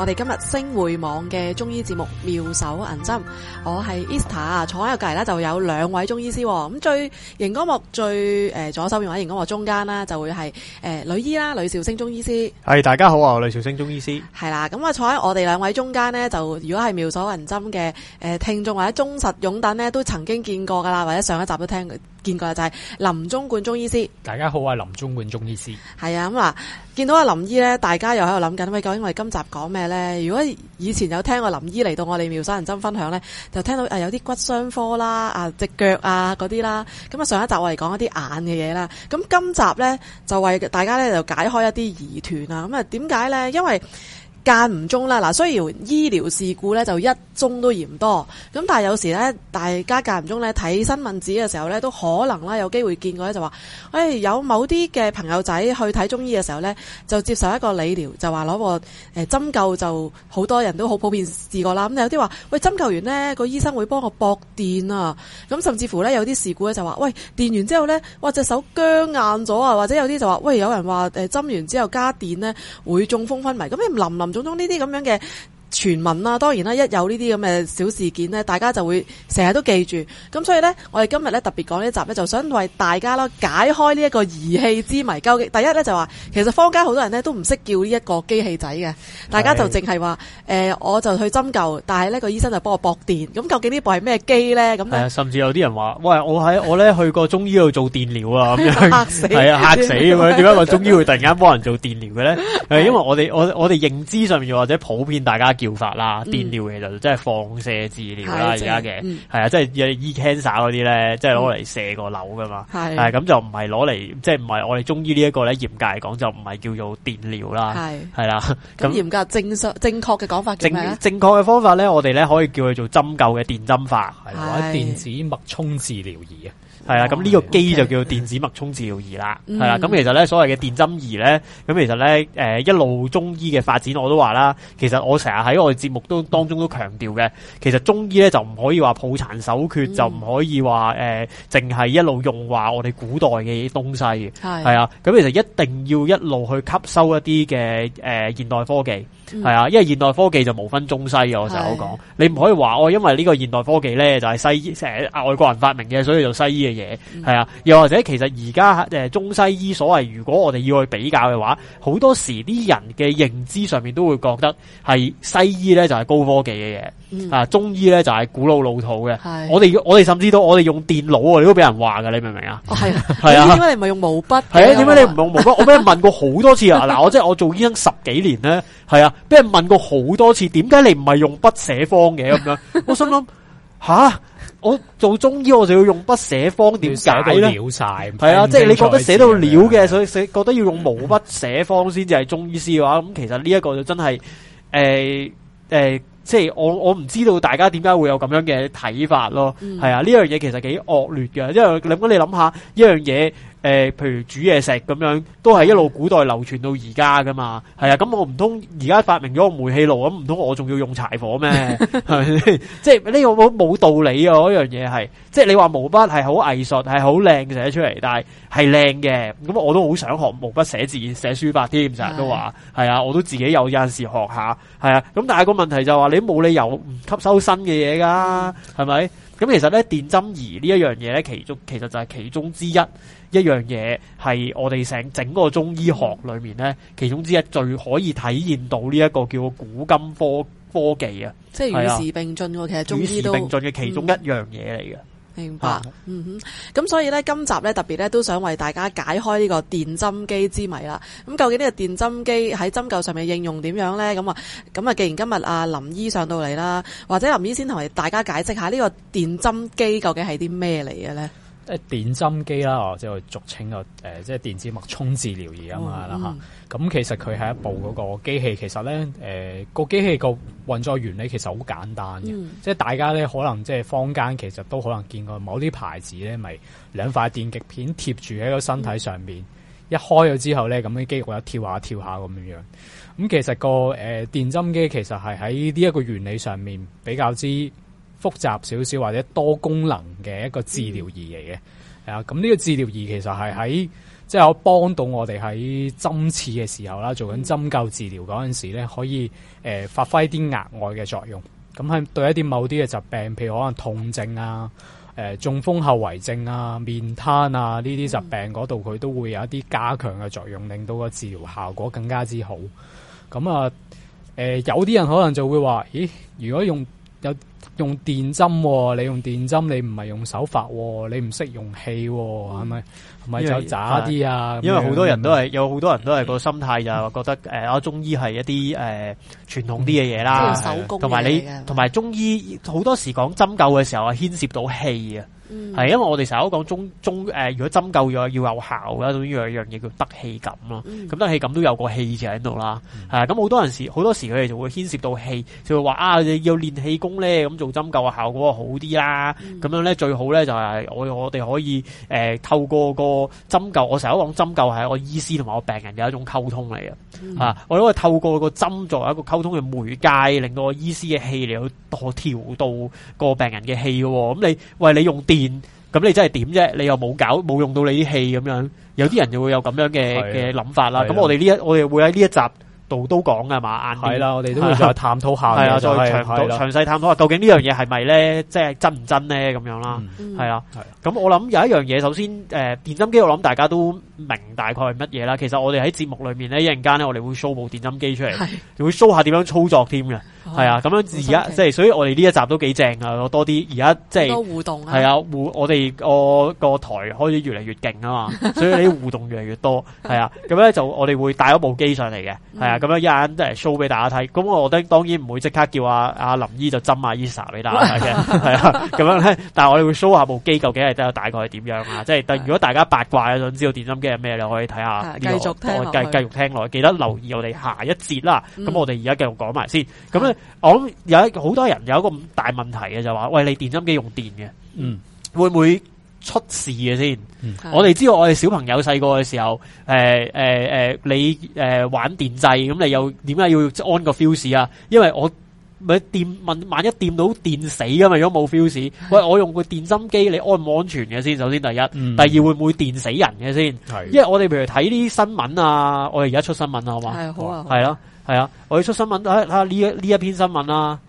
我哋今日星匯網嘅中醫節目《妙手銀針》，我係 Esther 啊，坐喺度隔籬咧就有兩位中醫師，咁最熒光幕最誒左手邊或者熒光幕中間啦，就會係誒女醫啦，呂少星中醫師。係大家好啊，我係呂少星中醫師。係啦，咁啊坐喺我哋兩位中間咧，就如果係《妙手銀針》嘅誒聽眾或者忠實擁躉咧，都曾經見過噶啦，或者上一集都聽。見過就係、是、林中冠中醫師，大家好啊，林中冠中醫師。係啊，咁啊見到阿林醫咧，大家又喺度諗緊，喂，究竟我哋今集講咩咧？如果以前有聽過林醫嚟到我哋妙手銀針分享咧，就聽到有啲骨傷科啦，啊隻腳啊嗰啲啦，咁啊上一集我哋講一啲眼嘅嘢啦，咁今集咧就為大家咧就解開一啲疑團啊，咁啊點解咧？因為間唔中啦，嗱，雖然醫療事故咧就一宗都嫌多，咁但係有時咧，大家間唔中咧睇新聞紙嘅時候咧，都可能啦有機會見過咧，就話，誒有某啲嘅朋友仔去睇中醫嘅時候咧，就接受一個理療，就話攞個誒針灸，就好多人都好普遍試過啦。咁有啲話，喂針灸完呢個醫生會幫我駁電啊，咁甚至乎咧有啲事故咧就話，喂電完之後咧，哇隻手僵硬咗啊，或者有啲就話，喂有人話誒針完之後加電咧會中風昏迷，咁你冧冧咗。普通呢啲咁樣嘅。嗯嗯嗯嗯。傳聞啦、啊，當然啦，一有呢啲咁嘅小事件咧，大家就會成日都記住。咁所以咧，我哋今日咧特別講呢一集咧，就想為大家啦解開呢一個儀器之謎。究竟第一咧就話，其實坊間好多人咧都唔識叫呢一個機器仔嘅，大家就淨係話誒，我就去針灸，但係呢個醫生就幫我駁電。咁究竟部呢部係咩機咧？咁、啊、甚至有啲人話，喂，我喺我咧去過中醫度做電療 死啊，咁樣，嚇死，係啊，嚇死咁，點解個中醫會突然間幫人做電療嘅咧？係、啊、因為我哋我我哋認知上面或者普遍大家。叫法啦，電療嘅就即係放射治療啦，而家嘅係啊，即係醫 cancer 嗰啲咧，即係攞嚟射個瘤噶嘛，係咁就唔係攞嚟，即係唔係我哋中醫呢一個咧嚴格嚟講就唔係叫做電療啦，係係啦，咁嚴格正確正確嘅講法叫咩咧？正確嘅方法咧，我哋咧可以叫佢做針灸嘅電針法，係或者電子脈衝治療儀啊。係啦，咁呢個機就叫電子脈衝治療儀啦。係啦、嗯，咁其實咧，所謂嘅電針儀咧，咁其實咧，誒、呃、一路中醫嘅發展，我都話啦，其實我成日喺我哋節目都當中都強調嘅，其實中醫咧就唔可以話抱殘守缺，嗯、就唔可以話誒淨係一路用話我哋古代嘅東西。係啊、嗯，咁的其實一定要一路去吸收一啲嘅誒現代科技。係啊，因為現代科技就無分中西嘅，我就好講。是你唔可以話我、哦，因為呢個現代科技咧就係、是、西醫，成、呃、外國人發明嘅，所以做西醫嘅嘢係啊。又或者其實而家誒中西醫所謂，如果我哋要去比較嘅話，好多時啲人嘅認知上面都會覺得係西醫咧就係、是、高科技嘅嘢，嗯、啊中醫咧就係、是、古老老土嘅是。我哋我哋甚至到我哋用電腦，啊，都俾人話㗎，你明唔明、哦、啊？係 啊，點解你唔用毛筆？係啊，點解你唔用毛筆？ 我俾你問過好多次啊！嗱，我即係我做醫生十幾年咧，係啊。俾人問過好多次，點解你唔係用筆寫方嘅咁樣？ 我心諗吓，我做中醫我就要用筆寫方點解咧？潦晒係啊，即係你覺得寫到潦嘅，嗯、哼所以寫覺得要用毛筆寫方先至係中醫師嘅話，咁、嗯嗯、哼其實呢一個就真係誒誒，即係我我唔知道大家點解會有咁樣嘅睇法咯。係、嗯、啊，呢樣嘢其實幾惡劣嘅，因為諗你諗下呢樣嘢。這個誒、呃，譬如煮嘢食咁樣，都係一路古代流傳到而家噶嘛？係啊，咁我唔通而家發明咗個煤氣爐，咁唔通我仲要用柴火咩？係即係呢個冇冇道理啊！嗰樣嘢係，即係你話毛筆係好藝術，係好靚寫出嚟，但係係靚嘅。咁我都好想學毛筆寫字，寫書法添，成日都話，係啊，我都自己有有陣時學下，係啊。咁但係個問題就係話，你冇理由唔吸收新嘅嘢噶，係咪？咁其實咧，電針儀呢一樣嘢咧，其中其實就係其中之一一樣嘢，係我哋成整個中醫學裏面咧，其中之一最可以體現到呢一個叫古今科科技啊。即係與時並進，啊，其實中醫都與時並進嘅其中一樣嘢嚟嘅。明白，啊、嗯哼，咁所以呢，今集呢特別呢都想為大家解開呢個電針機之謎啦。咁究竟呢個電針機喺針灸上面應用點樣呢？咁啊，咁啊，既然今日阿、啊、林醫上到嚟啦，或者林醫先同大家解釋下呢個電針機究竟係啲咩嚟嘅呢？即係電針機啦，哦，即係俗稱個誒，即係電子脈衝治療儀啊嘛啦嚇。咁、嗯、其實佢係一部嗰個機器，其實咧誒個機器個運作原理其實好簡單嘅，即係、嗯、大家咧可能即係坊間其實都可能見過某啲牌子咧，咪、就是、兩塊電極片貼住喺個身體上面，嗯、一開咗之後咧，咁啲肌肉一跳下跳下咁樣樣。咁其實個誒電針機其實係喺呢一個原理上面比較之，複雜少少或者多功能嘅一個治療儀嚟嘅，係啊，咁呢個治療儀其實係喺即係我幫到我哋喺針刺嘅時候啦，做緊針灸治療嗰陣時咧，可以、呃、發揮啲額外嘅作用。咁喺對一啲某啲嘅疾病，譬如可能痛症啊、誒、呃、中風後遺症啊、面癱啊呢啲疾病嗰度，佢、嗯、都會有一啲加強嘅作用，令到個治療效果更加之好。咁啊，呃、有啲人可能就會話，咦，如果用？有用電針、哦，你用電針，你唔係用手法、哦，你唔識用氣、哦，係咪、嗯？咪就渣啲啊！因為好樣多人都係、嗯、有好多人都係個心態就覺得誒，阿、嗯呃、中醫係一啲誒、呃、傳統啲嘅嘢啦，同埋、嗯、對你同埋嗎中醫好多時講針灸嘅時候啊，牽涉到氣啊。係，嗯、是因為我哋成日都講中中誒、呃，如果針灸咗要，要有效嘅一種呢樣嘢叫得氣感咯。咁、嗯、得氣感都有個氣字喺度啦。吓、嗯，咁好、啊、多人時好多時佢哋就會牽涉到氣，就會話啊你要練氣功咧，咁做針灸嘅效果好啲啦。咁、嗯、樣咧最好咧就係、是、我我哋可以誒、呃、透過個針灸，我成日都講針灸係我醫師同埋我病人嘅一種溝通嚟嘅。吓、嗯啊，我可以透過個針作為一個溝通嘅媒介，令到我醫師嘅氣嚟去多調到個病人嘅氣嘅。咁你喂你用電。咁你真係點啫？你又冇搞冇用到你啲氣咁樣，有啲人就會有咁樣嘅嘅諗法啦。咁我哋呢一我哋會喺呢一集度都講噶嘛？係啦，我哋都要再探討下，係啊，再詳詳細探討啊，究竟呢樣嘢係咪咧？即係真唔真咧？咁樣啦，係啊。咁我諗有一樣嘢，首先誒，電針機我諗大家都明大概係乜嘢啦。其實我哋喺節目裏面咧，一陣間咧，我哋會 show 部電針機出嚟，會 show 下點樣操作添嘅。係啊，咁樣而家即係，所以我哋呢一集都幾正噶多啲而家即係，多互動係啊，我哋個個台開始越嚟越勁啊嘛，所以啲互動越嚟越多。係啊，咁咧，就我哋會帶一部機上嚟嘅，係啊，咁樣一眼即係 show 俾大家睇。咁我哋當然唔會即刻叫阿阿林姨就斟阿 Elsa 俾大家睇嘅，係啊，咁樣咧。但係我哋會 show 下部機究竟係得個大概係點樣啊？即係，如果大家八卦想知道電針機係咩你可以睇下繼續聽，繼繼續聽落去，記得留意我哋下一節啦。咁我哋而家繼續講埋先，咁我諗有一好多人有一個大問題嘅就話喂你電針機用電嘅，嗯，會唔會出事嘅先？嗯、我哋知道我哋小朋友細個嘅時候，誒誒誒，你誒、呃、玩電掣咁，你又點解要安個 fuse 啊？因為我咪問萬一掂到電死噶嘛，如果冇 fuse，< 是的 S 1> 喂我用個電針機，你安唔安全嘅先？首先第一，第二、嗯、會唔會電死人嘅先？是的 因為我哋譬如睇啲新聞啊，我哋而家出新聞啊嘛，係好,好啊，係咯。係啊，我要出新聞，睇下呢呢一篇新聞啦。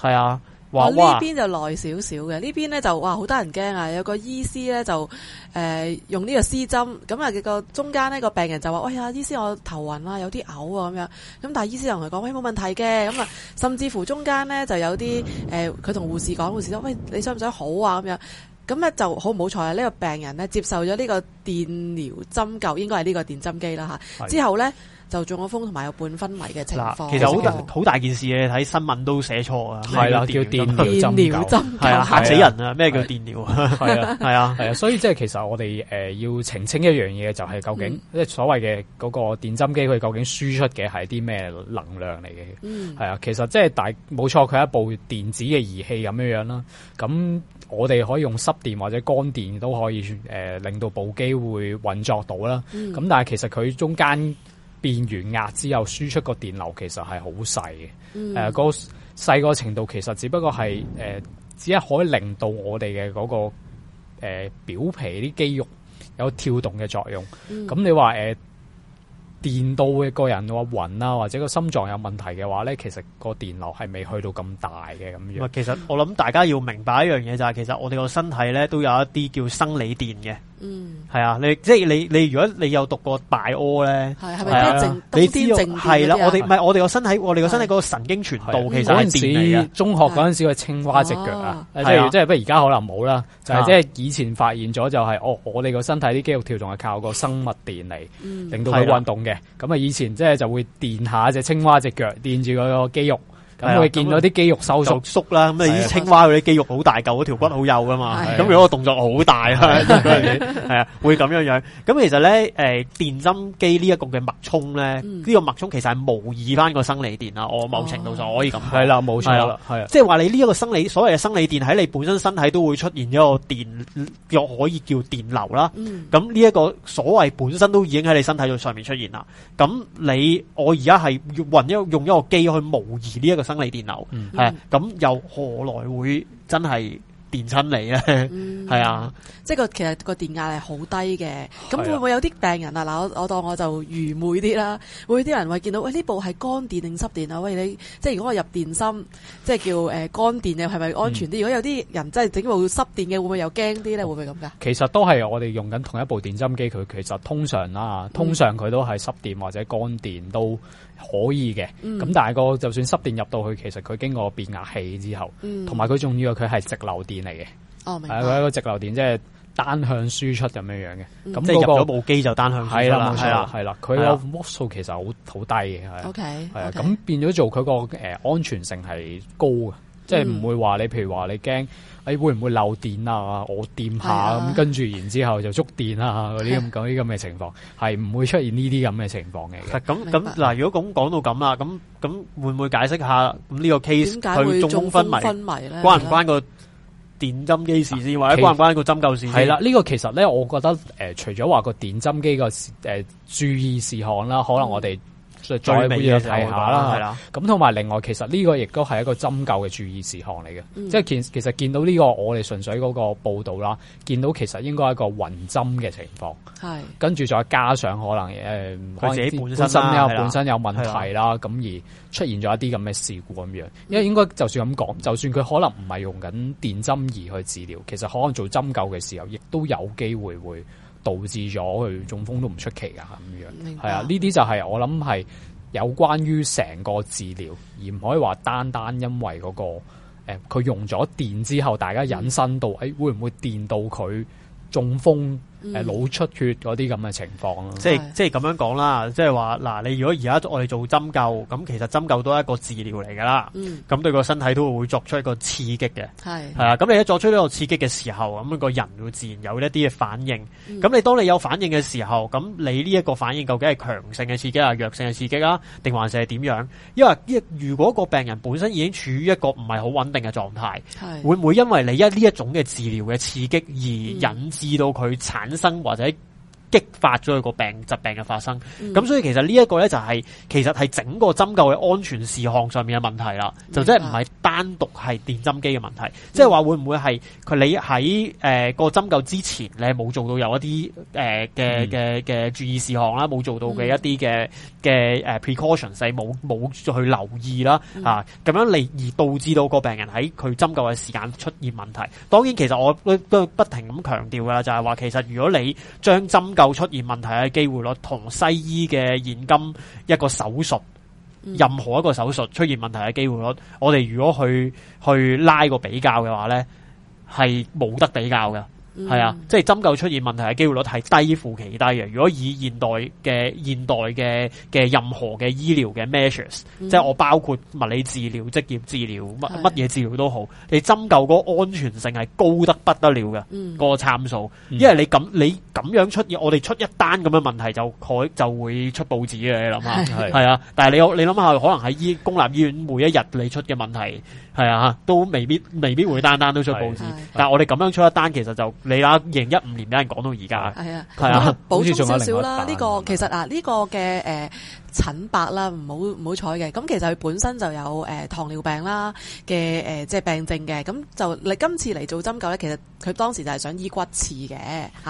係啊，話呢邊就耐少少嘅，呢邊咧就哇好多人驚啊！有個醫師咧就誒、呃、用呢個施針，咁、那、啊個中間呢個病人就話喂啊，醫師我頭暈喇，有啲嘔啊咁樣。咁但係醫師同佢講喂冇問題嘅，咁啊甚至乎中間咧就有啲誒佢同護士講，護士咧喂，你想唔想好啊咁樣。咁咧就好唔好彩啊！呢、這個病人咧接受咗呢個電療針灸，應該係呢個電針機啦吓。的之後咧就中咗風，同埋有半昏迷嘅情況。其實好大好大件事嘅，睇新聞都寫錯啊！係啦的，叫電療針灸吓死人啦！咩的叫電療啊？係啊的，係啊， 所以即係其實我哋誒要澄清一樣嘢，就係、是、究竟即係所謂嘅嗰個電針機，佢究竟輸出嘅係啲咩能量嚟嘅？係係啊，其實即係大冇錯，佢係一部電子嘅儀器咁樣樣啦。咁我哋可以用濕電或者乾電都可以、呃、令到部機會運作到啦。咁、嗯、但係其實佢中間變完壓之後輸出個電流其實係好細嘅。誒、嗯呃，個細個程度其實只不過係、呃、只係可以令到我哋嘅嗰個、呃、表皮啲肌肉有跳動嘅作用。咁、嗯、你話電到嘅個人嘅話暈啊，或者個心臟有問題嘅話咧，其實個電流係未去到咁大嘅，咁樣。其實我諗大家要明白一樣嘢，就係、是，其實我哋個身體咧都有一啲叫生理電嘅。嗯，係啊，你即係你你，你如果你有讀過大屙咧，係係咪你啲靜係啦，我哋唔係我哋個身體，我哋個身體個神經傳導其實係電嚟噶。嗰陣時中學嗰陣時個青蛙隻腳啊，即係即係不過而家可能冇啦，就係即係以前發現咗就係、是、哦，我哋個身體啲肌肉跳動係靠個生物電嚟，嗯，令到佢運動嘅。咁啊，以前即係就會電一下隻青蛙隻腳，電住個肌肉。因、嗯、會見到啲肌肉收縮縮啦，咁啊，啲青蛙佢啲肌肉好大嚿，嗰條骨好幼噶嘛，咁的如果動作好大啊，係啊的， 會咁樣樣。咁其實咧、呃，電針機呢一、嗯、個嘅脈沖咧，呢個脈沖其實係模擬翻個生理電啦。我某程度上可以咁睇係啦，冇、哦、錯啦，即係話你呢一個生理，所謂嘅生理電喺你本身身體都會出現一個電，又可以叫電流啦。咁呢一個所謂本身都已經喺你身體上面出現啦。咁你我而家係用一個用一個機去模擬呢一個生。生理電流係咁，嗯啊、又何來會真係電親你咧？係、嗯、啊，即係個其實個電壓係好低嘅。咁、啊、會唔會有啲病人啊？嗱，我我當我就愚昧啲啦。會啲人會見到，喂、哎，呢部係乾電定濕電啊？喂，你即係如果我入電芯，即係叫誒乾電嘅，係咪安全啲？嗯、如果有啲人真係整部濕電嘅，會唔會又驚啲咧？會唔會咁噶？其實都係我哋用緊同一部電針機，佢其實通常啦，通常佢都係濕電或者乾電都。可以嘅，咁但係個就算濕電入到去，其實佢經過變壓器之後，同埋佢仲要佢係直流電嚟嘅，係一、哦、個直流電，即係單向輸出咁樣樣嘅，咁、嗯、那個、即係入咗部機就單向輸出。係啦，係啦，係啦了，佢個模數其實好好低嘅，係，係咁變咗做佢個誒安全性係高嘅。即係唔會話你，譬如話你驚誒、哎、會唔會漏電啊？我掂下咁，啊、跟住然之後就觸電呀、啊。嗰啲咁咁啲咁嘅情況，係唔會出現呢啲咁嘅情況嘅。咁咁嗱，白如果咁講到咁啦，咁咁會唔會解釋下咁呢個 case 佢中風昏迷，關唔關個電針機事先，或者關唔關個針灸事？係啦其，呢、啊呢個其實咧，我覺得誒、呃，除咗話個電針機個誒注意事項啦，可能我哋。嗯再再會睇下啦，咁同埋另外，其實呢個亦都係一個針灸嘅注意事項嚟嘅，即係、嗯、其實見到呢個我哋純粹嗰個報道啦，見到其實應該係一個暈針嘅情況，是 跟住再加上可能誒，佢、呃、自己本身啦，本身有問題啦，咁是的 而出現咗一啲咁嘅事故咁樣，因為應該就算咁講，就算佢可能唔係用緊電針儀去治療，其實可能做針灸嘅時候亦都有機會會。導致咗佢中風都唔出奇㗎，咁樣係啊，呢啲就係我諗係有關於成個治療，而唔可以話單單因為嗰、個佢、呃、用咗電之後，大家引申到誒、嗯哎、會唔會電到佢中風？誒，腦、嗯、出血嗰啲咁嘅情況，即係即係咁樣講啦，即係話嗱，你如果而家我哋做針灸，咁其實針灸都係一個治療嚟噶啦，咁、嗯、對個身體都會作出一個刺激嘅，係係咁你一作出呢個刺激嘅時候，咁、那個人會自然有一啲嘅反應，咁、嗯、你當你有反應嘅時候，咁你呢一個反應究竟係強性嘅刺激啊，弱性嘅刺激啊，定還是係點樣？因為如果個病人本身已經處於一個唔係好穩定嘅狀態，是會唔會因為你一呢一種嘅治療嘅刺激而引致到佢產？人生或者激發咗佢個病疾病嘅發生，咁、嗯、所以其實呢一個咧就係、是、其實係整個針灸嘅安全事項上面嘅問題啦，就即係唔係單獨係電針機嘅問題，即係話會唔會係佢你喺誒個針灸之前你冇做到有一啲誒嘅嘅嘅注意事項啦，冇做到嘅一啲嘅嘅誒 precautions，係冇冇去留意啦、嗯、啊，咁樣嚟，而導致到個病人喺佢針灸嘅時間出現問題。當然，其實我都都不停咁強調噶啦，就係話其實如果你將針灸有出現問題嘅機會率，同西醫嘅現今一個手術，任何一個手術出現問題嘅機會率，我哋如果去去拉個比較嘅話咧，係冇得比較嘅。係啊，即係針灸出現問題嘅機會率係低乎其低嘅。如果以現代嘅現代嘅嘅任何嘅醫療嘅 measures，、嗯、即係我包括物理治療、職業治療、乜乜嘢治療都好，是的 你針灸嗰個安全性係高得不得了嘅、嗯、個參數。因為你咁你咁樣出現，我哋出一單咁嘅問題就佢就會出報紙嘅。你諗下係啊，但係你你諗下，可能喺醫公立醫院每一日你出嘅問題。係啊，都未必未必會單單都出報紙，但係我哋咁樣出一單，其實就你啦，二零一五年畀人講到而家，係啊，係啊，保住少少啦。呢、啊、個其實呢、啊呢個嘅誒。呃陳伯啦，唔好唔好彩嘅。咁其實佢本身就有、呃、糖尿病啦嘅、呃、即係病症嘅。咁就今次嚟做針灸咧，其實佢當時就係想醫骨刺嘅，咁、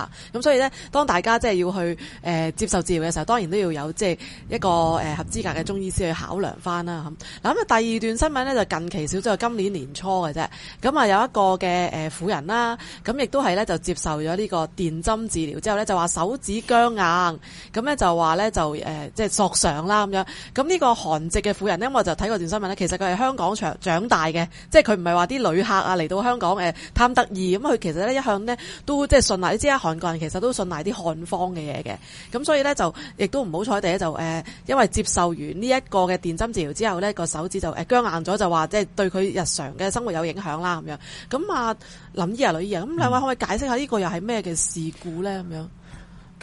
啊、所以咧，當大家即係要去、呃、接受治療嘅時候，當然都要有即係一個、呃、合資格嘅中醫師去考量返啦。咁嗱，咁啊第二段新聞咧，就近期少，即係今年年初嘅啫。咁啊有一個嘅、呃、婦人啦、啊，咁亦都係咧就接受咗呢個電針治療之後咧，就話手指僵硬，咁咧就話咧就、呃、即係索上。啦咁樣，咁呢個韓籍嘅婦人呢，我就睇過段新聞呢其實佢係香港長長大嘅，即係佢唔係話啲旅客啊嚟到香港誒、呃、貪得意，咁佢其實呢，一向呢都即係信賴，你知啦，韓國人其實都信賴啲漢方嘅嘢嘅，咁所以呢，就亦都唔好彩地就誒、呃，因為接受完呢一個嘅電針治療之後呢個手指就僵硬咗，就話即係對佢日常嘅生活有影響啦，咁樣。咁啊，林醫啊，嗯、女醫咁兩位可唔可以解釋下呢個又係咩嘅事故呢？咁樣，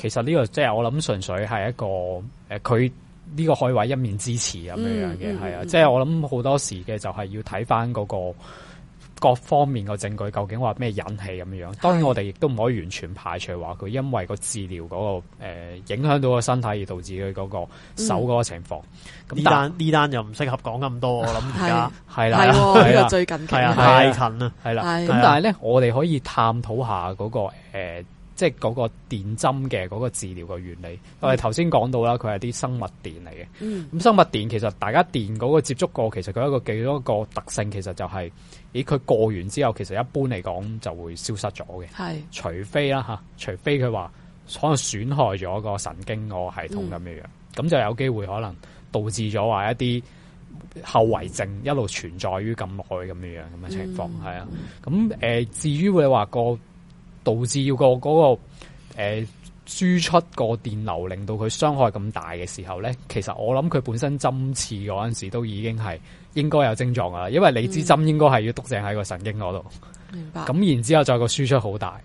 其實呢個即、就、係、是、我諗純粹係一個誒佢。呃呢個海偉一面之詞咁樣嘅，係啊、嗯，即、嗯、係、就是、我諗好多時嘅就係要睇翻嗰個各方面嘅證據，究竟話咩引起咁樣？當然我哋亦都唔可以完全排除話佢因為個治療嗰、那個、呃、影響到個身體而導致佢嗰個手嗰個情況。咁呢單呢單又唔適合講咁多，我諗而家係啦，係啦、啊，呢個、啊、最近近、啊、太近啦，係啦。咁、啊啊啊啊啊啊、但係咧，我哋可以探討一下嗰、那個、呃即係嗰個電針嘅嗰個治療嘅原理，我哋頭先講到啦，佢係啲生物電嚟嘅。咁、嗯、生物電其實大家電嗰個接觸過，其實佢一個幾多個特性，其實就係、是，咦佢過完之後，其實一般嚟講就會消失咗嘅。係是、啊，除非啦嚇，除非佢話可能損害咗個神經個系統咁樣、嗯、樣，咁就有機會可能導致咗話一啲後遺症一路存在於咁耐咁樣樣咁嘅情況，係啊、嗯。咁誒、呃，至於你話個。導致要，嗰個、嗰個誒、輸、呃、出個電流，令到佢傷害咁大嘅時候咧，其實我諗佢本身針刺嗰陣時候都已經係應該有症狀噶啦，因為你支針應該係要篤正喺個神經度、嗯，明白？咁然之後再個輸出好大。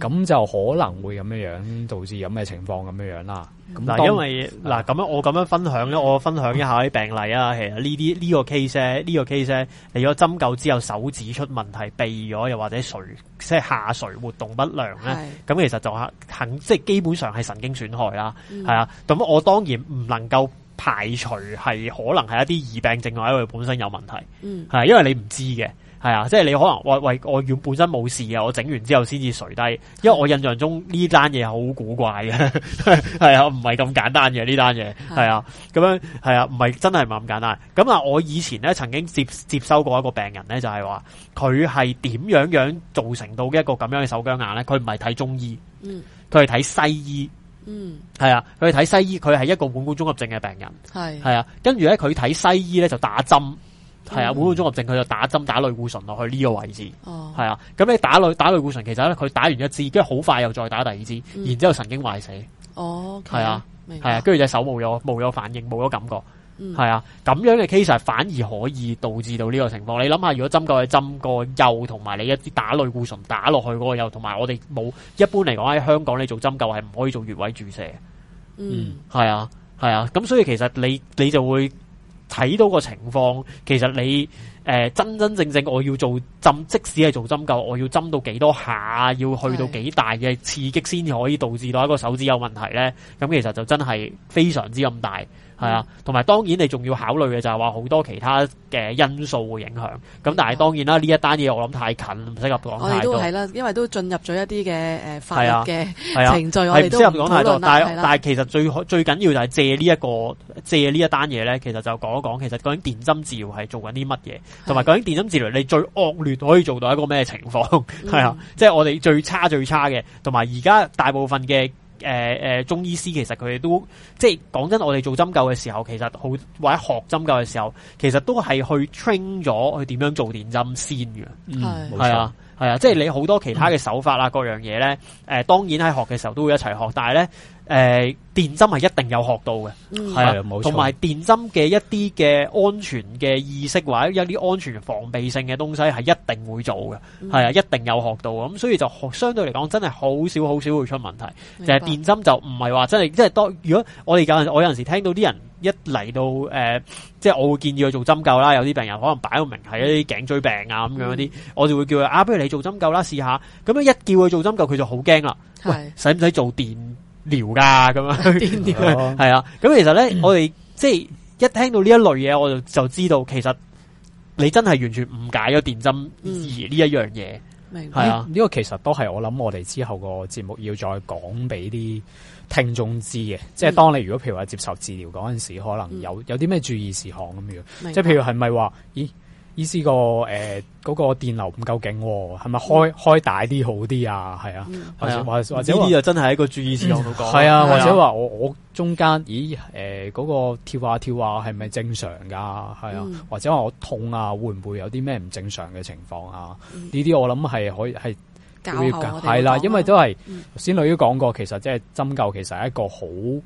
咁、嗯、就可能會咁樣樣，導致有咩情況咁樣樣啦。咁嗱，因為嗱咁樣，我咁樣分享咧，嗯、我分享一下啲病例啊。其實呢啲呢個 case 呢個 case 你如果針灸之後，手指出問題，痺咗又或者垂即係下垂活動不良咧，咁是其實就肯即係基本上係神經損害啦，係啊、嗯。咁我當然唔能夠排除係可能係一啲疑病症或者佢本身有問題，係、嗯、因為你唔知嘅。係啊，即係你可能喂，喂，我喂，我原本身冇事啊，我整完之後先至垂低，因為我印象中呢單嘢好古怪嘅，係是的 啊，唔係咁簡單嘅呢單嘢，係啊，咁樣係啊，唔係真係唔係咁簡單。咁啊，我以前咧曾經接接收過一個病人咧，就係話佢係點樣樣造成到一個咁樣嘅手僵硬咧？佢唔係睇中醫，嗯，佢係睇西醫，嗯，係啊，佢係睇西醫，佢係一個腕管綜合症嘅病人，係，係啊，跟住咧佢睇西醫咧就打針。係、嗯、啊，每個綜合症佢就打針，打類固醇落去呢個位置，係、哦、啊。咁你打類打類固醇，其實咧佢打完一支，跟住好快又再打第二支，嗯、然之後神經壞死。哦，係、okay, 啊，係明白 啊，跟住隻手冇咗冇咗反應冇咗感覺，係、嗯、啊。咁樣嘅 case 反而可以導致到呢個情況。你諗下，如果針灸係針個幼同埋你一啲打類固醇打落去嗰個幼同埋我哋冇，一般嚟講喺香港你做針灸係唔可以做穴位注射嗯，嗯，係啊，係啊。咁所以其實你你就會。睇到個情況，其實你。誒、呃、真真正,正正我要做針，即使係做針灸，我要針到幾多下，要去到幾大嘅刺激先可以導致到一個手指有問題咧？咁其實就真係非常之咁大，係、嗯、啊！同埋當然你仲要考慮嘅就係話好多其他嘅因素會影響。咁但係當然啦，呢、嗯、一單嘢我諗太近，唔適合講太多。都係啦，因為都進入咗一啲嘅誒法律嘅、啊啊啊、程序，我哋唔適合講太多，但係、啊、但其實最最緊要就係借、這個嗯、借一呢一個借呢一單嘢咧，其實就講一講其實究竟電針治療係做緊啲乜嘢。同埋究竟電針治療你最惡劣可以做到一個咩情況？嗯、係啊，即、就、係、係、我哋最差最差嘅，同埋而家大部分嘅、呃呃、中醫師其實佢哋都即係講真，我哋做針灸嘅時候，其實好或者學針灸嘅時候，其實都係去 train 咗去點樣做電針先嘅。係啊係啊，即係、啊就係、你好多其他嘅手法啊，嗯、各樣嘢咧、呃、當然喺學嘅時候都會一齊學，但係咧。誒、呃，電針係一定有學到嘅，係啊、嗯，冇錯。同埋電針嘅一啲嘅安全嘅意識，或者一啲安全防備性嘅東西，係一定會做嘅，係啊、嗯，一定有學到。咁所以就相對嚟講，真係好少好少會出問題。白就係電針就唔係話真係，即係多。如果我哋有陣，我有陣時聽到啲人一嚟到，誒、呃，即係我會建議佢做針灸啦。有啲病人可能擺到明係一啲頸椎病啊咁樣嗰啲，嗯、我就會叫佢啊，不如你做針灸啦，試下。咁樣一叫佢做針灸，佢就好驚啦。是喂，使唔使做電？聊噶咁樣，係啊 吧，咁其實咧，我哋即係一聽到呢一類嘢，我就就知道其實你真係完全誤解咗電針而呢一樣嘢、嗯。明係啊，呢吧、欸呢個其實都係我諗我哋之後個節目要再講俾啲聽眾知嘅，嗯、即係當你如果譬如話接受治療嗰陣時候，嗯、可能有有啲咩注意事項咁樣，白即係譬如係咪話，咦、欸？意思個誒個電流唔夠勁，係咪開開大啲好啲啊？係啊，或者或者呢啲就真係一個注意事項我講。係啊，或者話我我中間咦誒嗰個跳下跳啊係咪正常噶？係啊，或者話我痛啊，會唔會有啲咩唔正常嘅情況啊？呢啲我諗係可以係教下我哋係啦，因為都係先女都講過，其實即係針灸其實係一個好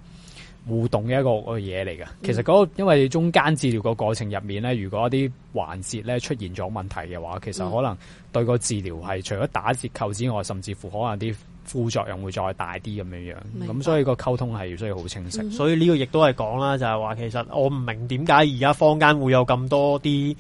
互動嘅一個嘢嚟㗎，其實嗰個因為中間治療個過程入面呢，如果一啲環節呢出現咗問題嘅話，其實可能對個治療係除咗打折扣之外，甚至乎可能啲副作用會再大啲咁樣樣。咁所以個溝通係需要好清晰。明白。所以呢個亦都係講啦，就係話其實我唔明點解而家坊間會有咁多啲。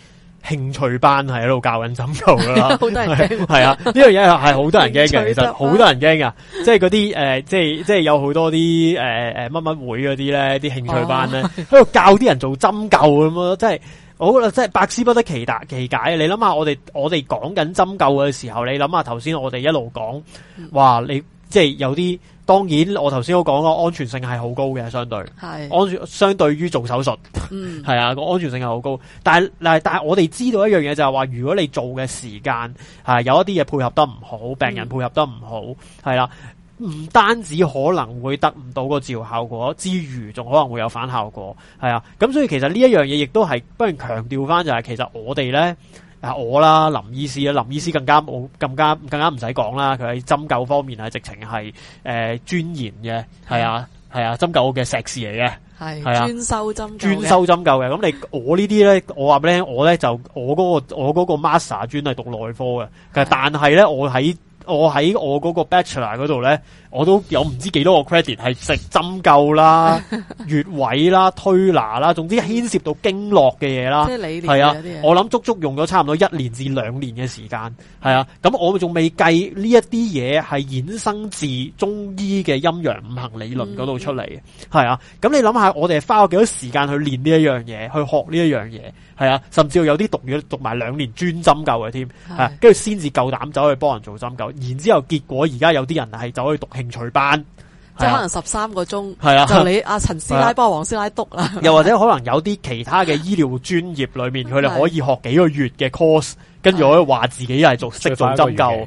興趣班係喺度教緊針灸噶啦，係啊 趣，呢樣嘢係好多人驚嘅， 其實好多人驚噶、 呃，即係嗰啲，誒，即係即係有好多啲，誒誒乜乜會嗰啲咧，啲興趣班咧喺度教啲人做針灸咁咯，即係好啦，即係百思不得其達其解。你諗下，我哋我哋講緊針灸嘅時候，你諗下頭先我哋一路講，哇，你即係有啲。當然，我頭先都講過，安全性係好高嘅，相對係安全，是相對於做手術，係啊個安全性係好高。但係但係我哋知道一樣嘢就係話，如果你做嘅時間係有一啲嘢配合得唔好，病人配合得唔好，係啦、嗯，唔單止可能會得唔到個治療效果之餘，之餘仲可能會有反效果，係啊。咁所以其實呢一樣嘢亦都係，不如強調翻就係，其實我哋呢。啊，我啦，林醫師啦，林醫師更加冇，更加更加唔使講啦，佢喺針灸方面啊，直情係誒專研嘅，係是啊，啊，係啊，針灸嘅碩士嚟嘅，係是，啊，專修針灸，專修針灸嘅。咁你，我呢，我，你我呢啲咧，我話俾你聽，我咧就我嗰個我嗰個 master 專係讀內科嘅，是啊、但係咧我喺。我喺我嗰個 Bachelor 嗰度咧，我都有唔知幾多個 credit 係食針灸啦、穴 位啦、推拿啦，總之牽涉到經絡嘅嘢啦。即係你哋係啊，我諗足足用咗差唔多一年至兩年嘅時間，係 啊。咁我仲未計呢一啲嘢係衍生自中醫嘅陰陽五行理論嗰度出嚟嘅，係啊。咁你諗下，我哋花咗幾多時間去練呢一樣嘢，去學呢一樣嘢。係啊，甚至要有啲讀咗讀埋兩年專針灸嘅添，係跟住先至夠膽走去幫人做針灸。然之後結果而家有啲人係走去讀興趣班，即係可能十三個鐘，係啊。就你阿陳師奶幫黃師奶讀啦，啊、 又或者可能有啲其他嘅醫療專業裏面，佢哋可以學幾個月嘅 course，跟住可以話自己係做識、啊、做針灸，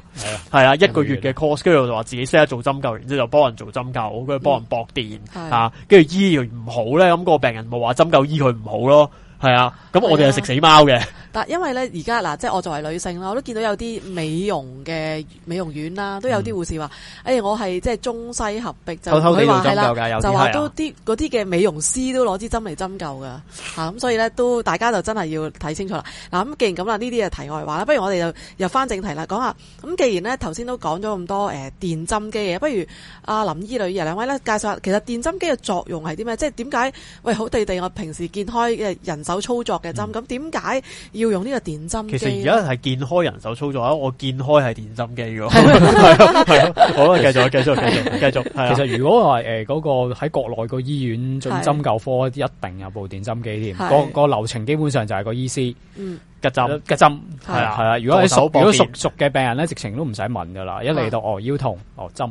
係啊，一個月嘅 course，跟住就話自己識得做針灸，然之後就幫人做針灸，跟住、嗯、幫人駁電啊。跟住、啊、醫唔好咧，咁、嗰個病人咪話針灸醫佢唔好咯，係啊。咁我哋係食死貓嘅，啊，但因為咧而家嗱，即係我作為女性啦，我都見到有啲美容嘅美容院啦，都有啲護士話，誒、嗯哎，我係即係中西合璧，就佢話係啦，就話都啲嗰啲嘅美容師都攞支針嚟針灸噶吓咁，啊啊、所以咧都大家就真係要睇清楚啦。嗱、啊，咁既然咁啦，呢啲就題外話啦，不如我哋就入翻正題啦，講下，咁既然咧頭先都講咗咁多、呃、電針機嘅，不如阿、啊、林姨女，啊、兩位咧介紹下，其實電針機嘅作用係啲咩？即點解？喂，好地地，我平時見開人手操作。針咁點解要用呢個電針機？其實而家係健開人手操作啊，我健開係電針機噶，係啊，係啊，好啊，繼續，繼續，繼續，繼續。其實如果話，誒，個喺國內個醫院做針灸科，一定有部電針機添。個個流程基本上就係個醫師，嗯，夾針夾針，係啊係啊。如果你部，如果熟熟嘅病人咧，直情都唔使問噶啦，一嚟到哦腰痛哦針。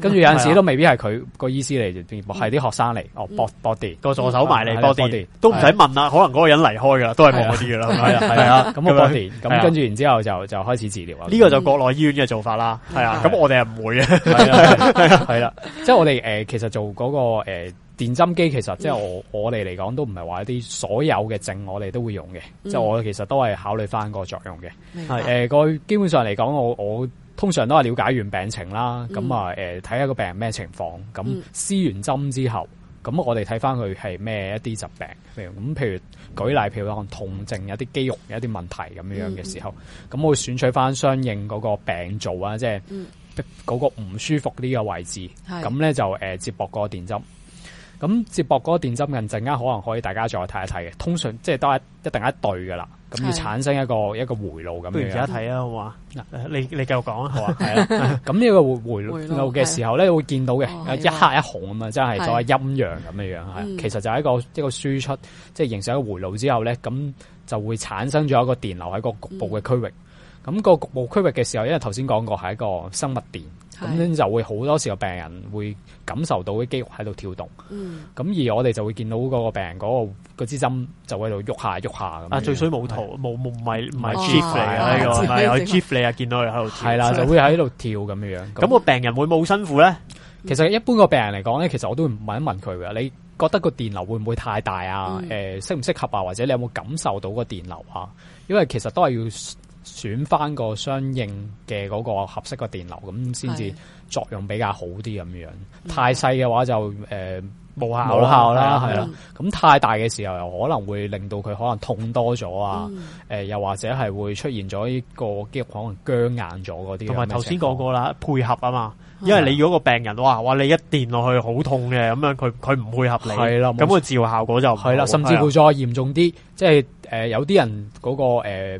跟住有陣時都未必係佢個醫師嚟，係啲學生嚟哦，body 個助手埋嚟 body 都唔使問啦。可能嗰個人離開噶啦，都係望嗰啲噶啦，係啊，係啊。咁咁跟住然之後就就開始治療啦。呢個就國內醫院嘅做法啦。係啊，咁我哋係唔會嘅，係啦。即係我哋誒，其實做嗰個誒電針機，其實即係我我哋嚟講都唔係話一啲所有嘅症我哋都會用嘅。即係我其實都係考慮翻個作用嘅。係誒，個基本上嚟講，我我。通常都係了解完病情啦，咁啊、嗯，睇下個病人咩情況，咁施、嗯、完針之後，咁我哋睇翻佢係咩一啲疾病，譬如咁，譬如舉例譬如講痛症，有啲肌肉有一啲問題咁、嗯、樣嘅時候，咁會選取翻相應嗰個病灶啊，即係嗰個唔舒服呢個位置，咁咧、嗯、就接駁嗰個電針，咁是接駁嗰個電針近陣間可能可以大家再睇一睇嘅，通常即係都係一一定一對噶啦。咁要產生一個一個回路咁樣，不如而家睇啊，好嘛？嗱，你你繼續講啊，好嘛？係啊，咁呢個回回路嘅時候你會見到嘅，一黑一紅啊嘛，即係所謂陰陽咁嘅樣係，其實就係一個一個輸出，即係形成一個回路之後呢，咁就會產生咗一個電流喺個局部嘅區域，咁個局部區域嘅時候，因為頭先講過係一個生物電。咁就會好多時個病人會感受到啲肌肉喺度跳動，咁而我哋就會見到嗰個病人嗰個支針就喺度喐下喐下咁。啊，最衰冇圖，冇唔係唔係 chip 嚟嘅呢個，係有 chip 嚟啊！見到佢喺度，係啦，就會喺度跳咁樣樣。咁個病人會冇辛苦咧？其實一般個病人嚟講咧，其實我都會問一問佢嘅。你覺得個電流會唔會太大啊？誒，適唔適合啊？或者你有冇感受到個電流啊？因為其實都係要。選翻個相應嘅嗰個合適嘅電流，咁先至作用比較好啲咁樣。是的 太細嘅話就誒冇、呃、效,效啦，係啦。咁的太大嘅時候又可能會令到佢可能痛多咗啊。誒、嗯呃，又或者係會出現咗呢個肌肉可能僵硬咗嗰啲。同埋頭先講過啦，配合啊嘛。因為你如果個病人話哇,哇你一電落去好痛嘅，咁樣佢佢唔配合你，係啦的。咁個治療效果就係啦，甚至乎再嚴重啲，即係誒有啲人嗰、嗰個誒。呃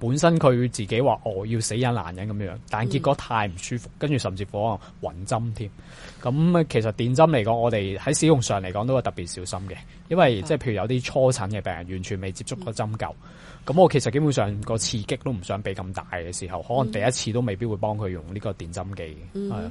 本身佢自己話我、哦、要死人難人咁樣，但結果太唔舒服，嗯、跟住甚至乎可能暈針添。咁其實電針嚟講，我哋喺使用上嚟講都係特別小心嘅，因為即係對 譬如有啲初診嘅病人，完全未接觸過針灸，咁、嗯、我其實基本上個刺激都唔想俾咁大嘅時候，可能第一次都未必會幫佢用呢個電針機。嗯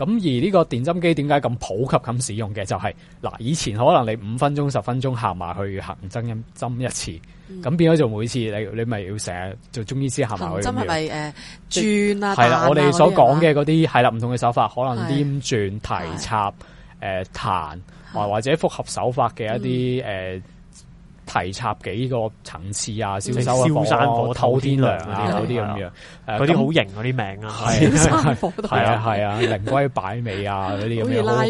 咁而呢個電針機點解咁普及咁使用嘅？就係嗱，以前可能你五分鐘、十分鐘行埋去行針針一次，咁、嗯、變咗做每次你你咪要成日做中醫師行埋去。針係咪誒轉啊？係啦地、啊，我哋所講嘅嗰啲係啦，唔、啊、同嘅手法，可能捻轉、提插、呃、彈，的或者複合手法嘅一啲提插幾個層次啊，燒燒山火、透天涼啊，嗰啲咁樣，嗰啲好型嗰啲名啊，係啊係啊，靈龜擺尾啊，嗰啲咁樣，我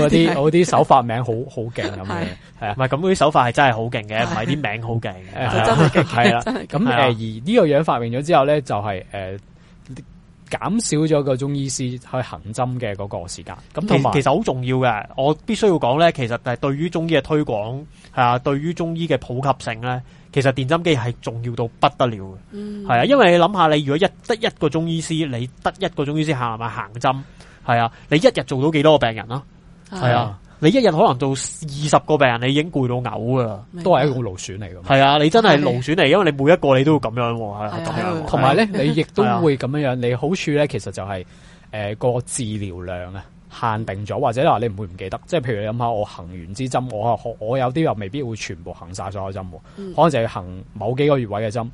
嗰啲我嗰啲手法名好好勁咁樣。係啊，唔係咁，嗰啲手法係真係好勁嘅，唔係啲名好勁，係啦，咁誒而呢個樣發明咗之後呢，就係減少咗個中醫師去行針嘅嗰個時間，咁同埋其實好重要嘅。我必須要講咧，其實係對於中醫嘅推廣，係啊，對於中醫嘅普及性咧，其實電針機係重要到不得了嘅，嗯，係啊。因為你諗下，你如果一得一個中醫師，你得一個中醫師係咪行啊行針，係啊，你一日做到幾多個病人啦，係啊。你一日可能到二十個病人，你已經攰到嘔㗎喇！白都係一個勞損嚟噶。係啊，你真係勞損嚟，因為你每一個你都會咁樣，係啊。同埋咧，你亦都會咁樣樣。你好處咧，其實就係誒個治療量啊，量限定咗，或者你話你唔會唔記得。即係譬如你諗下我行完支針，我我有啲又未必會全部行晒所有針，嗯、可能就係行某幾個穴位嘅針。咁、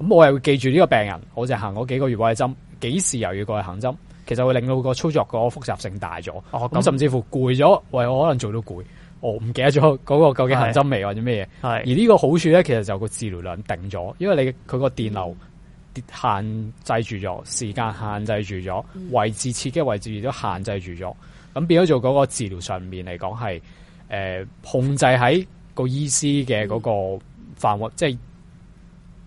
嗯、我又會記住呢個病人，我就行嗰幾個穴位嘅針，幾時又要過去行針。其實會令到個操作個複雜性大咗，咁、哦、甚至乎攰咗，喂我可能做到攰，我唔記得咗嗰個究竟行針未或者咩嘢。係的而呢個好處咧，其實就個治療量定咗，因為你佢個電流限制住咗，嗯、時間限制住咗，嗯、位置刺激嘅位置亦都限制住咗，咁變咗做嗰個治療上面嚟講係，誒、呃、控制喺個醫師嘅嗰個範圍，嗯、即係。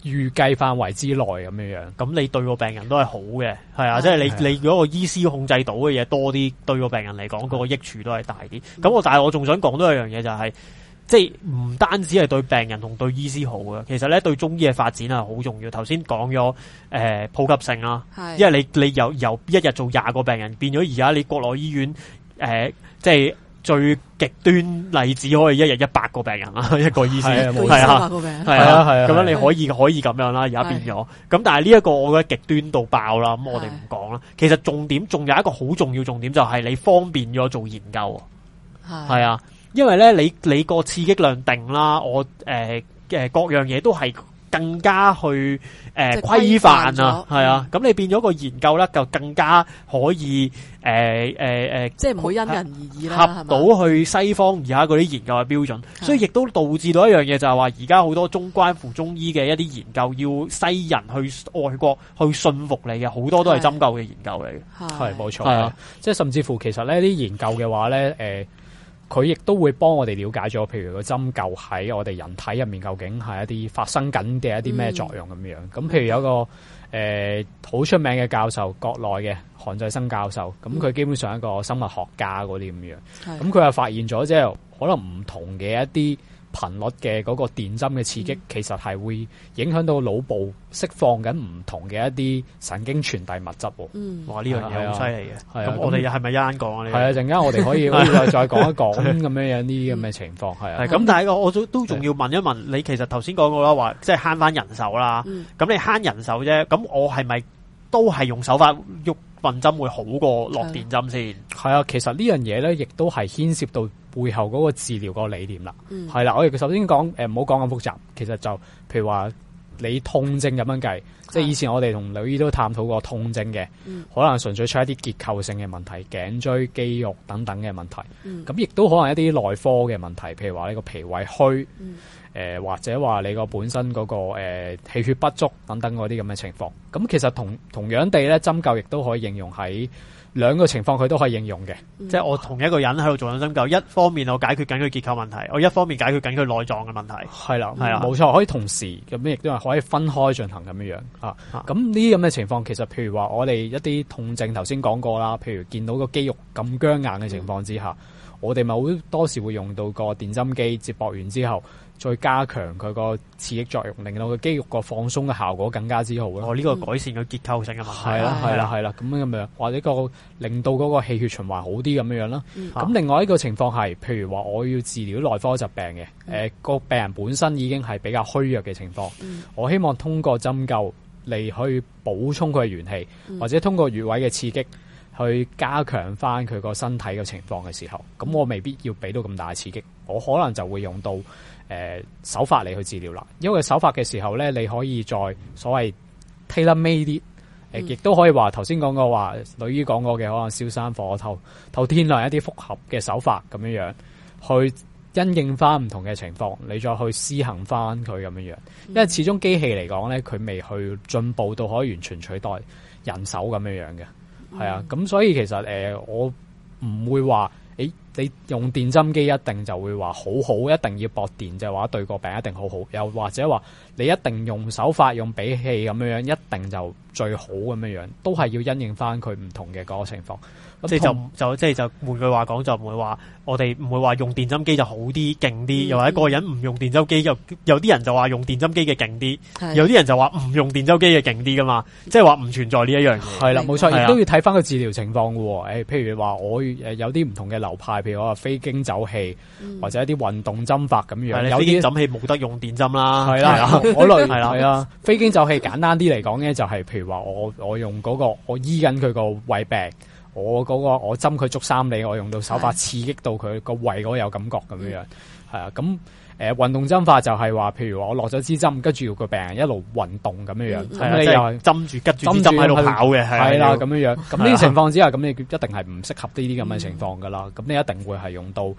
預計範圍之內咁樣樣，咁你對個病人都係好嘅，係啊，即係你你如果個醫師控制到嘅嘢多啲，對個病人嚟講嗰個益處都係大啲。咁我但係我仲想講多一樣嘢就係，即係唔單止係對病人同對醫師好嘅，其實咧對中醫嘅發展係好重要。頭先講咗誒普及性啦，因為你你由由一日做廿個病人變咗而家你國內醫院，呃，即係。最極端例子可以一日一百個病人啦，一個醫生，係啊，冇錯，一百個病人，係啊，係啊，咁樣你可以可以咁樣啦，而家變咗。咁但係呢一個我覺得極端到爆啦，咁我哋唔講啦。其實重點仲有一個好重要重點，就係你方便咗做研究。係啊，因為咧，你你個刺激量定啦，我誒誒各樣嘢都係。更加去誒、呃、規範，規範啊，係啊，咁你變咗個研究咧，就更加可以誒誒誒，呃呃、即係唔會因人而異啦，合到去西方而家嗰啲研究嘅標準。是的 所以亦都導致到一樣嘢，就係話而家好多中關乎中醫嘅一啲研究，要西人去外國去信服你嘅，好多都係針灸嘅研究嚟嘅，係冇錯啊。即係甚至乎其實呢啲研究嘅話咧，呃佢亦都會幫我哋了解咗，譬如個針灸喺我哋人體入面究竟係一啲發生緊嘅一啲咩作用咁樣。咁譬如有個誒好、呃、出名嘅教授，國內嘅韓再生教授，咁佢基本上一個生物學家嗰啲咁樣。咁佢又發現咗即係可能唔同嘅一啲頻率嘅嗰個電針嘅刺激，其實係會影響到腦部釋放緊唔同嘅一啲神經傳遞物質。嗯，哇，呢樣嘢好犀利嘅。係啊，我哋又係咪一陣間講啊？呢係啊，陣間我哋可以再再講一講咁樣樣呢啲咁嘅情況。係啊，係咁，但係我都都仲要問一問你，其實頭先講過啦，話即係慳翻人手啦。咁你慳人手啫，咁我係咪都係用手法喐運針會好過落電針先？係啊，其實呢樣嘢咧，亦都係牽涉到。背後嗰個治療嗰個理念啦，係啦，我哋首先講，誒、呃，唔好講咁複雜。其實就，譬如話你痛症咁樣計，是的 即係以前我哋同林醫都探討過痛症嘅，嗯、可能純粹出一啲結構性嘅問題，頸椎、肌肉等等嘅問題。咁亦都可能一啲內科嘅問題，譬如話你個脾胃虛，誒、嗯呃、或者話你個本身嗰、那個誒氣、呃、血不足等等嗰啲咁嘅情況。咁其實同同樣地咧，針灸亦都可以應用喺。兩個情況佢都可以應用嘅、嗯，即係我同一個人喺度做緊針灸，一方面我解決緊佢結構問題，我一方面解決緊佢內臟嘅問題，係啦，係啦，冇錯，可以同時，咁亦都係可以分開進行，咁樣樣咁，呢啲咁嘅情況，其實譬如話我哋一啲痛症頭先講過啦，譬如見到個肌肉咁僵硬嘅情況之下，嗯、我哋咪好多時會用到個電針機接駁完之後。再加強佢個刺激作用，令到佢肌肉個放鬆嘅效果更加之好咯。哦、呢、呢個改善個結構性嘅問題係啦，係啦，係啦，咁樣樣或者個令到嗰個氣血循環好啲咁樣樣啦。咁、嗯、另外一個情況係，譬如話我要治療內科疾病嘅，誒、嗯呃那個病人本身已經係比較虛弱嘅情況，嗯、我希望通過針灸嚟去補充佢嘅元氣，嗯、或者通過穴位嘅刺激去加強翻佢個身體嘅情況嘅時候，咁我未必要俾到咁大嘅刺激，我可能就會用到。誒，手法嚟去治療啦，因為手法嘅時候咧，你可以再所謂 tailor made 啲，誒，亦都可以話頭先講過，話女醫講過嘅可能燒山火透透天涼一啲複合嘅手法咁樣樣，去因應翻唔同嘅情況，你再去施行翻佢咁樣樣，因為始終機器嚟講咧，佢未去進步到可以完全取代人手咁樣樣嘅，係、嗯、啊，咁所以其實誒、呃，我唔會話。你用電針機一定就會話好好，一定要駁電就係話對個病一定好好，又或者話你一定用手法用比氣咁樣，一定就最好咁樣，都係要因應翻佢唔同嘅嗰個情況。即係就就即係就，換句話講就唔會話我哋唔會話用電針機就好啲勁啲，又或者個人唔用電針機，又有啲人就話用電針機嘅勁啲，有啲人就話唔用電針機嘅勁啲噶嘛。即係話唔存在呢一樣嘢。係啦，冇錯，亦都要睇返個治療情況噶。誒，譬如話我誒有啲唔同嘅流派，譬如話飛經走氣或者一啲運動針法咁樣，有啲針器冇得用電針啦，係啦，我類係啦，飛經走氣簡單啲嚟講咧，就係譬如話我我用嗰個我醫緊佢個胃病。我嗰個我針佢足三里，我用到手法刺激到佢個胃嗰有感覺咁樣樣，係啊，咁誒運動針法就係話，譬如話我落咗支針，跟住要個病人一路運動咁樣樣，即係針住跟住，針針喺度跑嘅，係啦咁樣樣。咁呢啲情況之下，咁你一定係唔適合呢啲咁嘅情況噶啦。咁你一定會係用到誒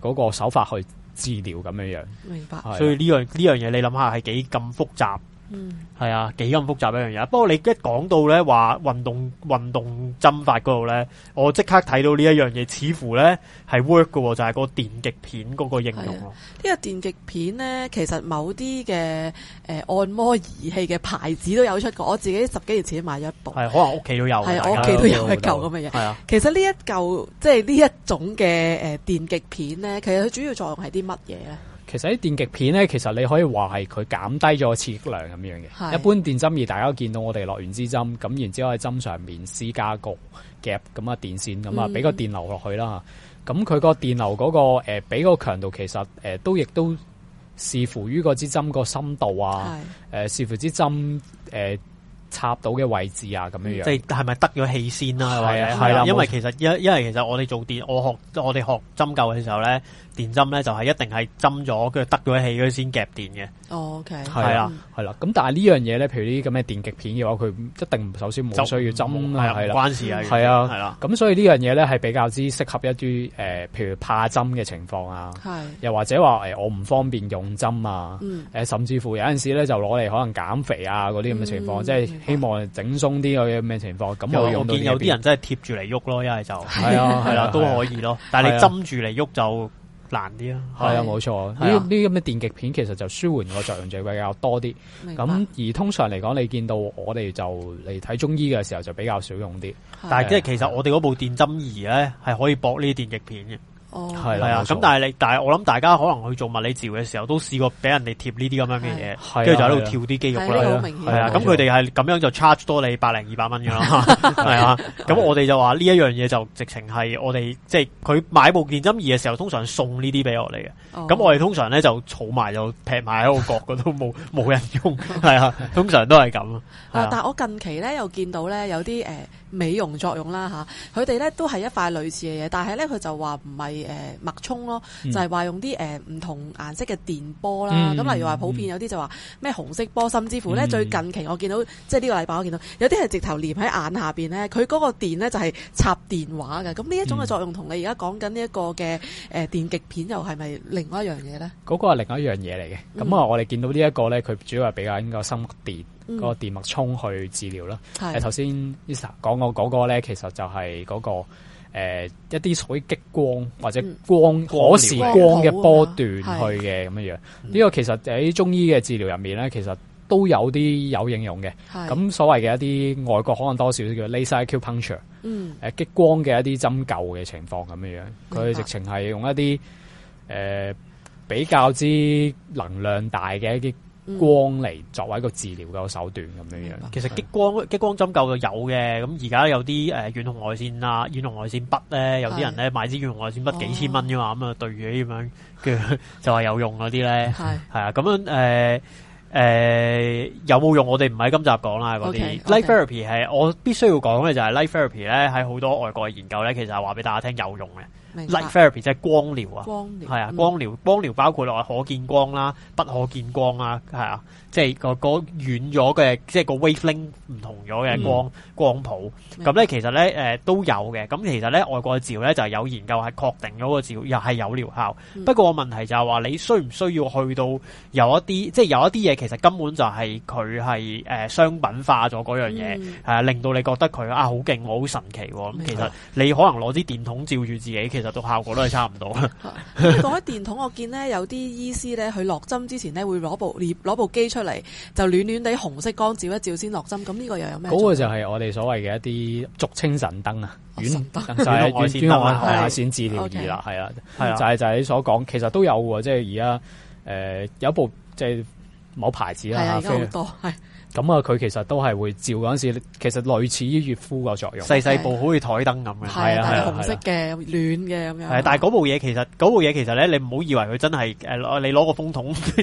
嗰個手法去治療咁樣樣。明白。所以呢樣呢樣嘢，你諗下係幾咁複雜。嗯，係啊，幾咁複雜一樣嘢。不過你一講到咧話運動運動針法嗰度咧，我即刻睇到呢一樣嘢，似乎咧係 work 喎。就係、是、個電極片嗰個應用咯。呢、啊這個電極片咧，其實某啲嘅誒按摩儀器嘅牌子都有出過。我自己十幾年前買咗一部，係、啊、可能屋企都有，係屋企都有嚿咁嘅嘢。係是啊其、呃，其實呢一嚿即係呢一種嘅誒電極片咧，其實佢主要作用係啲乜嘢咧？其實啲電極片咧，其實你可以話係佢減低咗刺激量咁樣嘅。是的 一般電針儀，大家見到我哋落完支針，咁然之後喺針上面施加個夾咁嘅電線，咁啊俾個電流落去啦。咁佢個電流嗰、嗰個誒，俾、呃、個強度其實誒，都、呃、亦都視乎於個支針個深度啊。誒、呃，視乎支針誒。呃插到嘅位置啊，咁樣樣即係係咪得咗氣先啦？係啊係啦，因為其實因因為其實我哋做電，我學我哋學針灸嘅時候咧，電針咧就係一定係針咗，跟住得咗氣佢先夾電嘅。哦，OK，係啦係啦。咁但係呢樣嘢咧，譬如呢啲咁嘅電極片嘅話，佢一定唔首先冇需要針啦，係啦，關事啊，係啊，係啦。咁所以呢樣嘢咧係比較之適合一啲誒，譬如怕針嘅情況啊，又或者話誒，我唔方便用針啊，誒，甚至乎有陣時咧就攞嚟可能減肥啊嗰啲咁嘅情況，即係。希望整鬆啲咁嘅情況，咁我見有啲人真係貼住嚟喐咯，一係就係啊，係啦，都可以咯。但係你針住嚟喐就難啲咯。係啊，冇錯。呢啲咁嘅電極片其實就舒緩個作用就比較多啲。咁而通常嚟講，你見到我哋就嚟睇中醫嘅時候就比較少用啲。但係即係其實我哋嗰部電針儀咧係可以駁呢啲電極片嘅。哦，係啊，咁但係你，但係我諗大家可能去做物理治療嘅時候，都試過俾人哋貼呢啲咁樣嘅嘢，跟住就喺度跳啲肌肉啦。明顯。係啊，咁佢哋係咁樣就 charge 多你百零二百蚊噶啦。係啊，咁我哋就話呢一樣嘢就直情係我哋即係佢買部電針儀嘅時候，通常送呢啲俾我哋嘅。咁我哋通常咧，就儲埋就撇埋喺個角，都冇冇人用。係啊，通常都係咁。但係我近期咧又見到咧有啲誒。美容作用啦吓，佢哋咧都係一塊類似嘅嘢，但係咧佢就話唔係誒脈衝咯，嗯、就係話用啲誒唔同顏色嘅電波啦。咁例、嗯、如話普遍有啲就話咩紅色波，嗯、甚至乎咧最近期我見到、嗯、即係呢個禮拜我見到有啲係直頭黏喺眼下邊咧，佢嗰個電咧就係插電話嘅。咁呢一種嘅作用同你而家講緊呢一個嘅誒電極片又係咪另外一樣嘢咧？嗰個係另外一樣嘢嚟嘅。咁啊、嗯，我哋見到呢一個咧，佢主要係比較應該深電。個電脈衝去治療啦，係頭先 Li、嗯、sa 講個嗰個咧，其實就係嗰、個誒、呃、一啲屬於激光或者光嗰、嗯、時光嘅波段去嘅咁樣樣。呢、嗯、個其實喺中醫嘅治療入面咧，其實都有啲有應用嘅。咁、嗯、所謂嘅一啲外國可能多少少叫 Laser Acupuncture，嗯，誒激光嘅一啲針灸嘅情況咁樣樣，佢直情係用一啲誒、嗯呃、比較之能量大嘅一啲。光嚟作為一個治療嘅手段咁樣樣，嗯、其實激光激光針灸有嘅，咁而家有啲誒遠紅外線啊，遠紅外線筆咧，是有啲人咧買支遠紅外線筆幾千蚊噶嘛，咁啊對住咁樣叫就話有用嗰啲咧，係是啊，咁樣、呃呃、有冇用我哋唔喺今集講啦嗰啲。light therapy 係我必須要講嘅就係 light therapy 咧，喺好多外國嘅研究咧，其實話俾大家聽有用嘅。Light therapy 即係光療，光療係啊，啊、嗯，光療光療包括落可見光啦、不可見光啊，係啊，即係個嗰遠咗嘅，即係個 wavelength 唔同咗嘅光光譜。咁咧其實咧、呃、都有嘅。咁其實咧外國嘅治療咧就有研究係確定咗個治療又係有療效。嗯、不過個問題就係話你需唔需要去到有一啲即係有一啲嘢其實根本就係佢係商品化咗嗰樣嘢，係、嗯啊、令到你覺得佢啊好勁喎，好神奇喎、啊。咁白其實你可能攞支電筒照住自己，其其實效果都係差唔多。講起電筒，我見呢有啲醫師咧，佢落針之前咧會攞部攞部機出嚟，就暖暖地紅色光照一照先落針。咁呢個又有咩？嗰個就係我哋所謂嘅一啲俗稱神燈啊，遠燈、哦、就係遠燈啦，係啊， 線治療儀啦，係啦，係 okay. 就係就係你所講，其實都有嘅，即係而家誒有一部即係某牌子啦，而家好多係。對咁啊，佢其實都係會照嗰陣時，其實類似於熱敷個作用，細細部好似台燈咁樣，係啊，紅色嘅暖嘅咁樣。係，但係嗰部嘢其實嗰部嘢其實咧，你唔好以為佢真係誒，你攞個風筒吹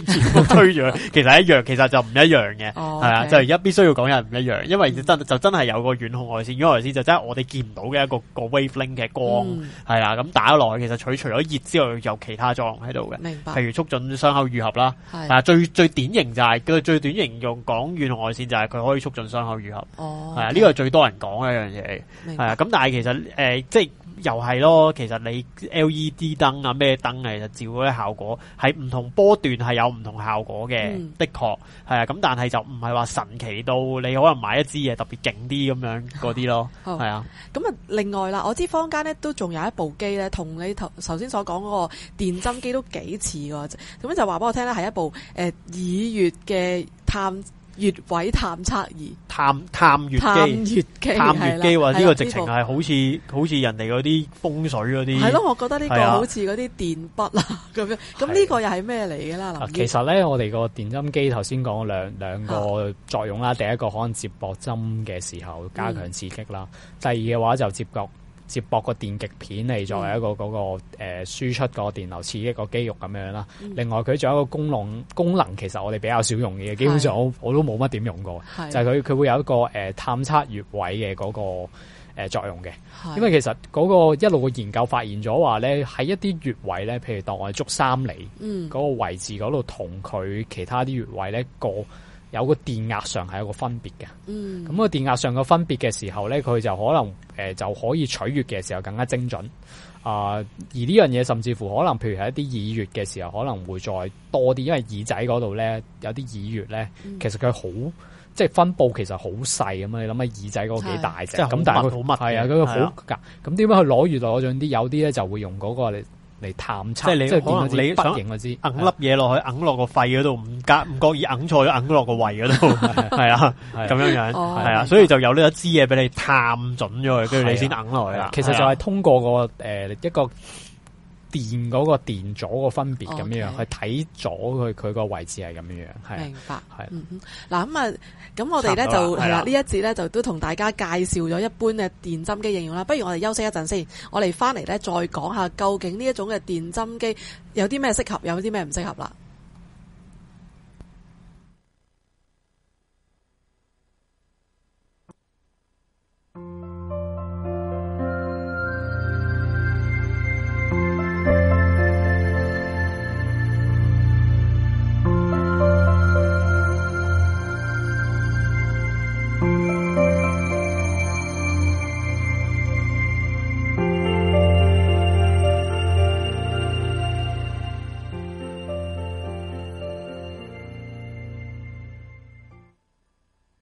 住，其實一樣，其實就唔一樣嘅，係啊，就而家必須要講嘅，唔一樣，因為真就真係有個遠紅外線，遠紅外線就真係我哋見唔到嘅一個個 wavelength 嘅光，係啦，咁打落去其實除咗熱之外，有其他作用喺度嘅，明，譬如促進傷口愈合啦。係啊，最最典型就係佢最典型用講遠紅。我先，就係佢可以促進傷口癒合，係啊，呢個係最多人講嘅一樣嘢，係啊。咁但係其實誒，即係又係咯。其實你 LED 燈啊，咩燈啊，其實照咧效果係唔同波段係有唔同效果嘅，的確係啊。咁但係就唔係話神奇到你可能買一支嘢特別勁啲咁樣嗰啲咯，係啊。咁啊，另外啦，我知坊間咧都仲有一部機咧，同你頭頭先所講嗰個電針機都幾似，噶，咁樣就話俾我聽咧，係一部誒以月嘅探。越位探測儀，探探機，機，探穴機話呢個直情係好似了好似人哋嗰啲風水嗰啲，係咯，我覺得呢個好似嗰啲電筆啊咁樣，咁呢個又係咩嚟嘅啦？了月其實咧，我哋個電針機頭先講兩兩個作用啦，的第一個可能接搏針嘅時候加強刺激啦，嗯、第二嘅話就接角。接駁個電極片嚟，作為一個嗰個誒輸出個電流，刺一個肌肉咁樣啦。另外，佢仲有一個功能，功能其實我哋比較少用嘅，基本上我我都冇乜點用過。是的 就係佢佢會有一個誒探測穴位嘅嗰個誒作用嘅。因為其實嗰個一路嘅研究發現咗話咧，喺一啲穴位咧，譬如當我足三里，嗰個位置嗰度同佢其他啲穴位咧過。有個電壓上係有個分別嘅，咁個、嗯、電壓上個分別嘅時候咧，佢就可能、呃、就可以取穴嘅時候更加精準。啊、呃，而呢樣嘢甚至乎可能，譬如係一啲耳穴嘅時候，可能會再多啲，因為耳仔嗰度咧有啲耳穴咧，嗯、其實佢好即係分布其實好細咁啊！你諗下耳仔嗰幾大隻，咁是但係佢好密係啊，佢好咁點樣去攞穴攞咗啲？有啲咧就會用嗰、那個嚟探測，即係你可能你想我知，硬粒嘢落去，硬落個肺嗰度，唔夾唔覺意硬錯咗，硬落個胃嗰度，係啊，咁樣樣，係啊，所以就有呢一支嘢俾你探準咗佢，跟住你先硬落去啦的。其實就係通過個誒的一個。電嗰個電阻個分別咁樣，Okay, 去睇咗佢佢個位置係咁樣樣，係明白係。嗱咁啊，咁、嗯、我哋咧就係啦，呢一節咧就都同大家介紹咗一般嘅電針機應用啦。不如我哋休息一陣先，我哋翻嚟咧再講下究竟呢一種嘅電針機有啲咩適合，有啲咩唔適合啦。